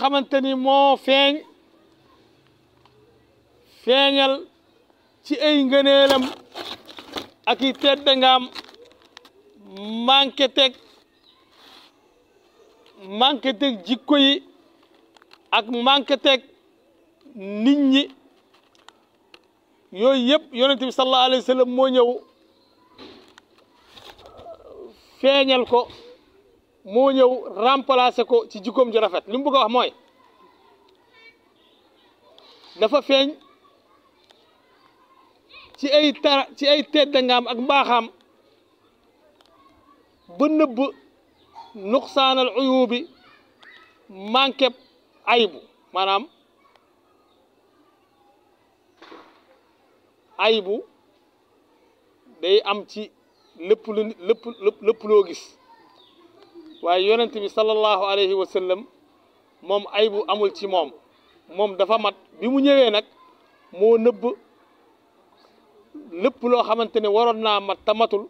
xamante ni moo feeñ feeñal ci ay ngëneelam ak i teddangaam manqué teg manqué teg jikko yi ak manqué teg nit ñi yooyu yëpp yonent bi sallallahu alayhi wa sallam moo ñëw feeñal ko moo ñëw remplacer ko ci jikkoom ju rafet li mu wax mooy dafa feeñ ci ay tara ci ay teddangaam ak mbaaxaam ba nëbb nuqsaanal uyubi manqué ayibu maanaam ayibu day am ci lépp lu lépp gis waaye yonent bi sallallahu alayhi wa moom aybu amul ci moom moom dafa mat bi mu ñëwee nag moo nëbb lëpp loo xamante ne waroon naa mat te matul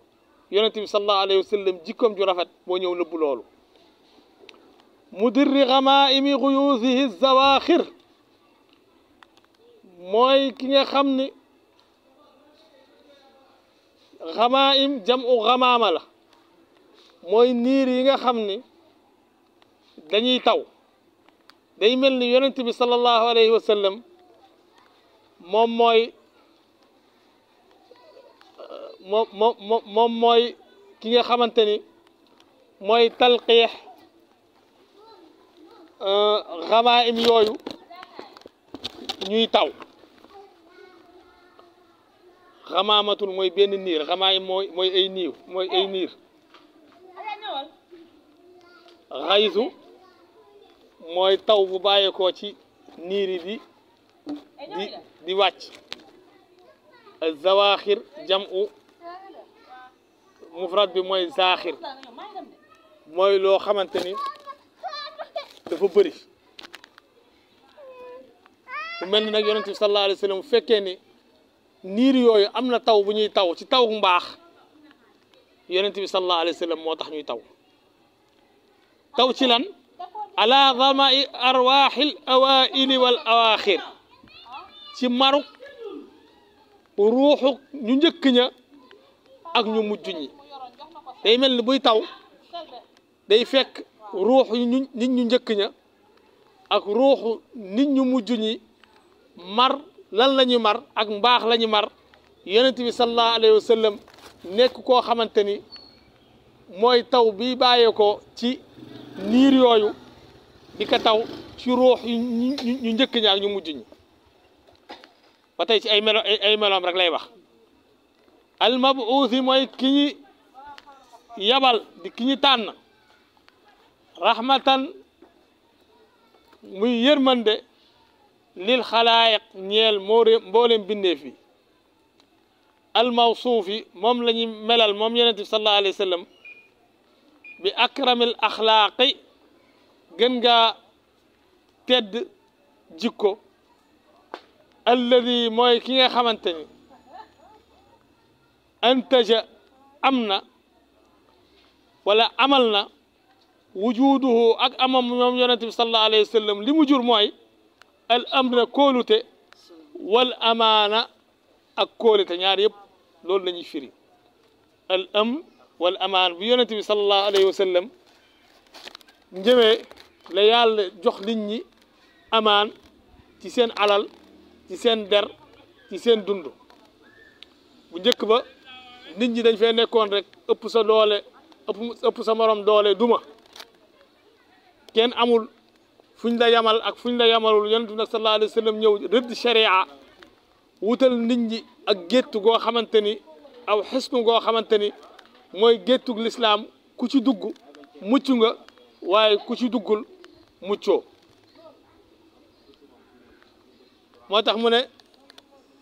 yonent bi sallallahu alayhi wa jikkoom ju rafet moo ñëw nëbb loolu mudirri xamaimi xuyuusihi zawaaxir mooy ki nga xam ni xamaim jam la moy niir yi nga xamni dañuy taw day melni yaronte bi sallallahu alayhi wa sallam moom mooy moom moom ki nga xamanteni moy talqih talqiix xamaa im ñuy taw xamaamatul mooy benn niir xamaa im mooy mooy ay niiw mooy ay niir xaysu mooy taw bu bàyyeekoo ci niiri di di di wàcc zawaaxir jamu mufrad bi mooy zaaxir mooy loo xamante ni dafa bëri mu mel ni nag yonent bi sallallahu alayhi wa sallam bu fekkee ni niir yooyu am na taw bu ñuy taw ci taw bu mbaax yonent bi sallallahu alayhi wa sallam moo tax ñuy taw taw ci lan ala damai arwaxil awaili wal awaxir ci maruk ruuxu ñu njëkk ña ak ñu mujj ñi day mel ni buy taw day fekk ruuxu ñu njëkk ña ak ruuxu nit ñu mujj ñi mar lan la mar ak mbaax la mar yonent bi sallallahu alayhi wa nekk koo xamante ni mooy taw bi bàyyee ko ci niir yooyu di ko taw ci ruux yu ñu njëkk ñaak ñu mujj ñi ba tey ci ay melo ay meloom rek lay wax al mabuusi mooy ki ñi yabal di ki ñi tànn rahmatan muy yërmande lil xalaayiq ñeel mboolem bindeef yi al mawsuufi moom la ñuy melal moom yonent bi sallallahu alayhi wa sallam bi akramil axlaaqi gën ngaa tedd jikko alladi mooy ki nga xamante ni antaja am na wala amal na wujuduhu ak amam moom yonente bi salallahu alayhi wa sallam li mu jur mooy al amna kóolute wal amaana ak kóolute ñaar yëpp loolu la ñuy firi al am wal amaan bu yonent bi sallallahu alayhi wa sallam njëmee la yàlla jox nit ñi amaan ci seen alal ci der ci seen dund bu njëkk ba nit ñi dañ fee nekkoon rek ëpp sa doole ëpp ëpp sa morom doole duma kenn amul fuñ la yamal ak fuñ la yamalul yonent bi sallallahu alayhi wa ñëw rëdd sharia wutal nit ñi ak gétt goo xamante ni aw xisnu goo xamante ni mooy géttug lislaam ku ci dugg mucc nga waaye ku ci duggul muccoo moo tax mu ne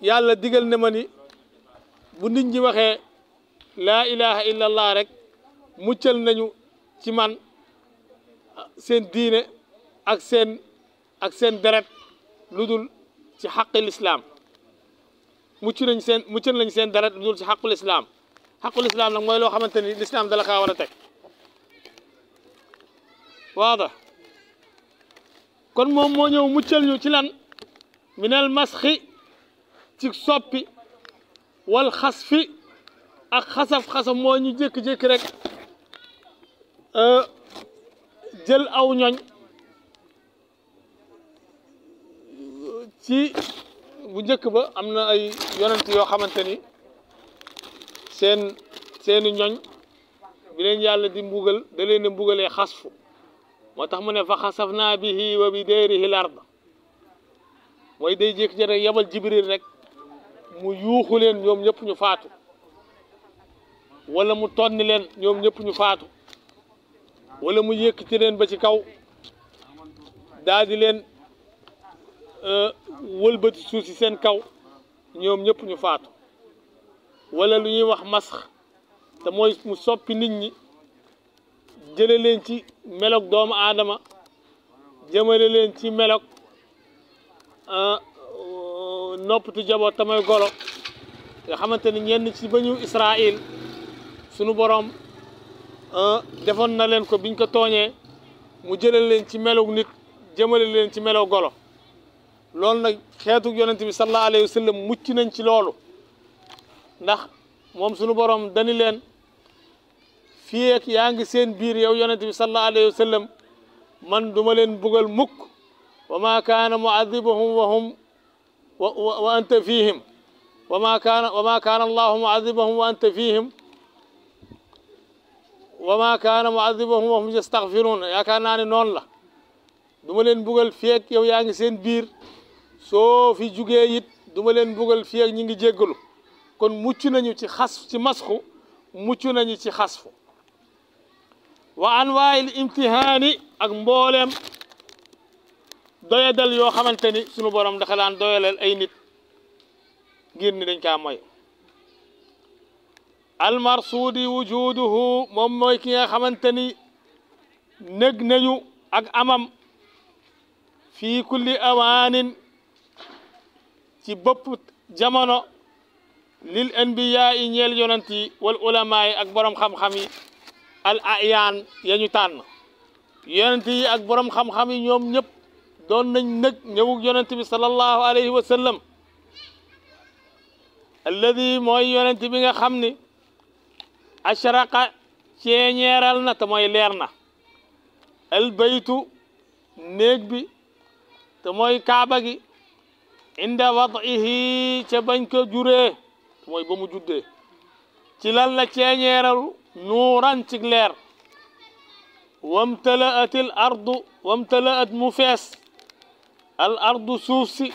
yàlla digal ne ma ni bu nit ñi waxee laa ilaha illallah rek muccal nañu ci man seen diine ak seen ak seen deret lu dul ci xaqi lislaam mucc nañ seen muccal nañ seen deret lu dul ci xaqul islaam حق الاسلام نك موي لو خامتاني الاسلام دا لا خا ورا تك واضح كون موم مو نيو موتشل نيو سي لان من المسخ تي صوبي والخسف اك خسف خسف مو ني جيك جيك رك ا أه، جيل او نيون تي بو نك با امنا اي يونت يو خامتاني sen sen ñooñ bi leen yàlla di mbugal da leen a mbugalee xasfu moo tax mu ne fa xasaf bihi wa bi deerihi larda mooy day jékki rek yebal jibril rek mu yuuxu leen ñoom ñëpp ñu faatu wala mu tonni leen ñoom ñëpp ñu faatu wala mu ci leen ba ci kaw daal di leen wëlbati suuf si seen kaw ñoom ñëpp ñu faatu wala lu ñuy wax masx te mooy mu soppi nit ñi jële leen ci melog doomu aadama jëmale leen ci melog ah, noppatu jaboot tamay golo nga xamante ni ñenn ci bañu ñu Israil sunu boroom ah, defoon na leen ko biñ ko tooñee mu jële leen ci melog nit jëmale leen ci melog golo loolu nag xeetu yonent bi sallallahu alayhi wa sallam mucc nañ ci loolu ndax mom sunu borom dani len fi ak yaangi ngi seen biir yow yonnati bi sallallahu alayhi wasallam man duma len bugal mukk wa ma kaana muadibuhum wa hum wa anta fihim wa ma kaana wa ma kaana allahu muadibuhum wa anta fihim wa ma kaana muadibuhum wa hum yastaghfirun ya kana ni non la duma len bugal fi ak yow yaangi ngi seen biir soo fi jugee yit duma len bugal fi ak ñi ngi jéggalu kon muccu nañu ci xas ci masxu muccu nañu ci xasfu wa anwa'il imtihaani ak mbollem doyadal yo xamanteni sunu borom da daan doyalal ay nit ngir ni dañ ka moy marsud wujuduhu mom moy ki nga xamanteni nég nañu ak amam fi kulli awan ci bop jamono lil anbiyaa yi ñeel yonant yi wal ulamaa yi ak borom xam-xam yi al ayaan ya ñu tànn yonent yi ak borom xam-xam yi ñoom ñëpp doon nañ nag ñëwug yonent bi sallallahu alayhi wa sallam alladi mooy yonent bi nga xam ni ashraqa ceeñeeral na te mooy leer na albaytu néeg bi te mooy kaaba gi inda wadihi ca bañ ko juree moy bamu judde ci lan la ci ñeeral nuran ci leer wamtalaat al ard wamtalaat mufas al ard sufsi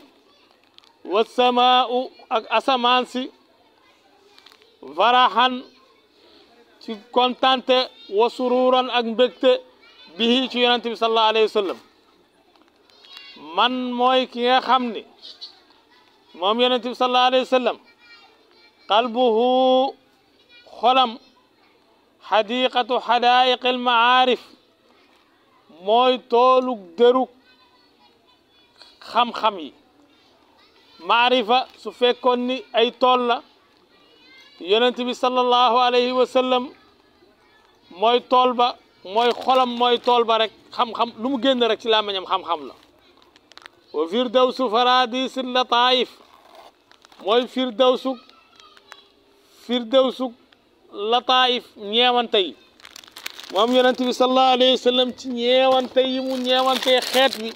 was wasamaau ak asaman si farahan ci kontante wa sururan ak mbekte bihi ci yaronte bi sallallahu alayhi wasallam man moy ki nga xamni mom yaronte bi sallallahu alayhi wasallam قلبه خلم حديقة حدائق المعارف موي تولو درو خم خمي معرفة سفيكوني أي تولا يننتي صلى الله عليه وسلم موي تولبا موي خلم موي تولبا رك خم خم لوم ген رك سي لامن خم خم لا وفير دوسو فراديس اللطائف موي فير دوسو firdawsu lataif ñeewante yi moom sallallahu alayhi wa sallam ci ñeewante yi mu ñeewante xeet bi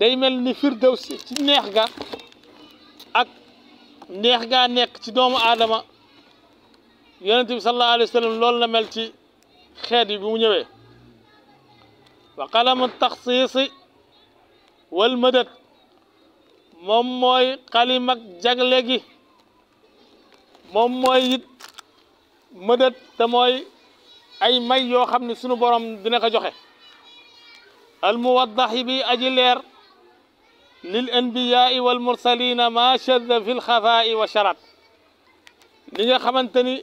day mel firdaws ci neex ga ak neex gaa nekk ci doomu aadama yonent sallallahu alayhi wa sallam loolu la mel ci xeet bi bu mu ñëwee wa qalamu taxsiisi wal madad moom mooy xalim ak mom moy it mëdët te moy ay may yo xamni sunu borom dina ko joxe al muwaddah bi ajler lil anbiya wal mursalin ma shadda fi khafa wa sharat li nga xamanteni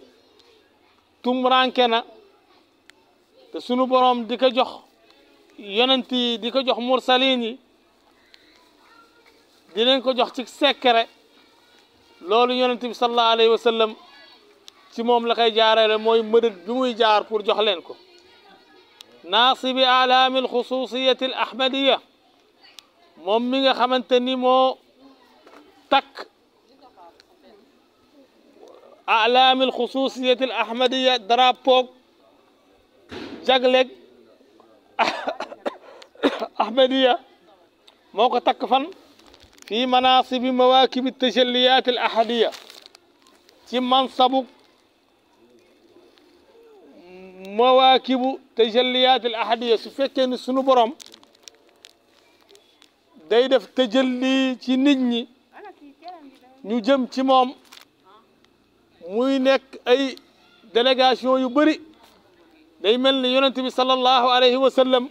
tum tumranke na te sunu borom dika jox yonenti dika jox mursalin yi dinañ ko jox ci secret loolu yonent bi sallallahu alayhi wa sallam ci moom la koy jaarale mooy mëdët bi muy jaar pour jox leen ko naasibi alaami alxususiyati al ahmadiya moom mi nga xamante ni moo takk alaami alxususiyati al ahmadiya drapeau jagleeg ahmadiya moo ko takk fan في مناصب مواكب التجليات الأحدية في منصب مواكب تجليات الأحدية سفكة نسنبرم دايدة في تجلي في نجني نجم تمام موينك أي دلقاشون يبري دايمل يونتي صلى الله عليه وسلم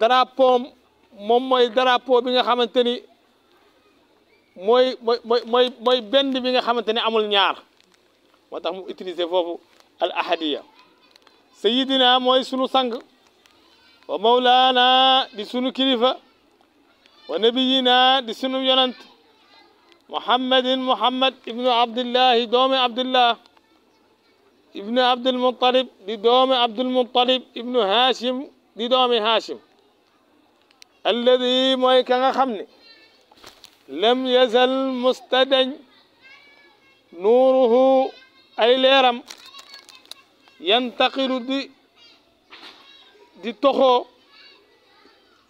درابهم مما يدرابهم بنا خامنتني mooy mooy mooy mooy benn bi nga xamante ne amul ñaar moo tax mu utiliser foofu al ahadiya sayidina mooy sunu sang wa mawlaana di sunu kilifa wa nabiyina di sunu yonant muhammadin muhammad ibnu abdillahi doomi abdillah ibnu abdulmutalib di doomi abdulmutalib ibnu hashim di doomi hashim alladi mooy ka nga xam ne لم يزل مستدن نوره اي ليرم ينتقل دي دي تخو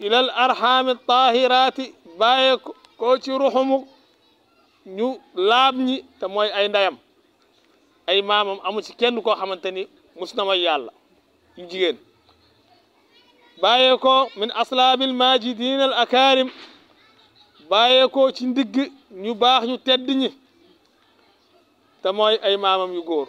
الى الارحام الطاهرات بايك كوتي روحمو نيو لابني تموي اي نعم اي مامم امو سي كين كو خامتاني مسنما يالا جيجين بايكو من اصلاب الماجدين الاكارم ko ci ndigg ñu baax ñu tedd ñi te mooy ay maamam yu góor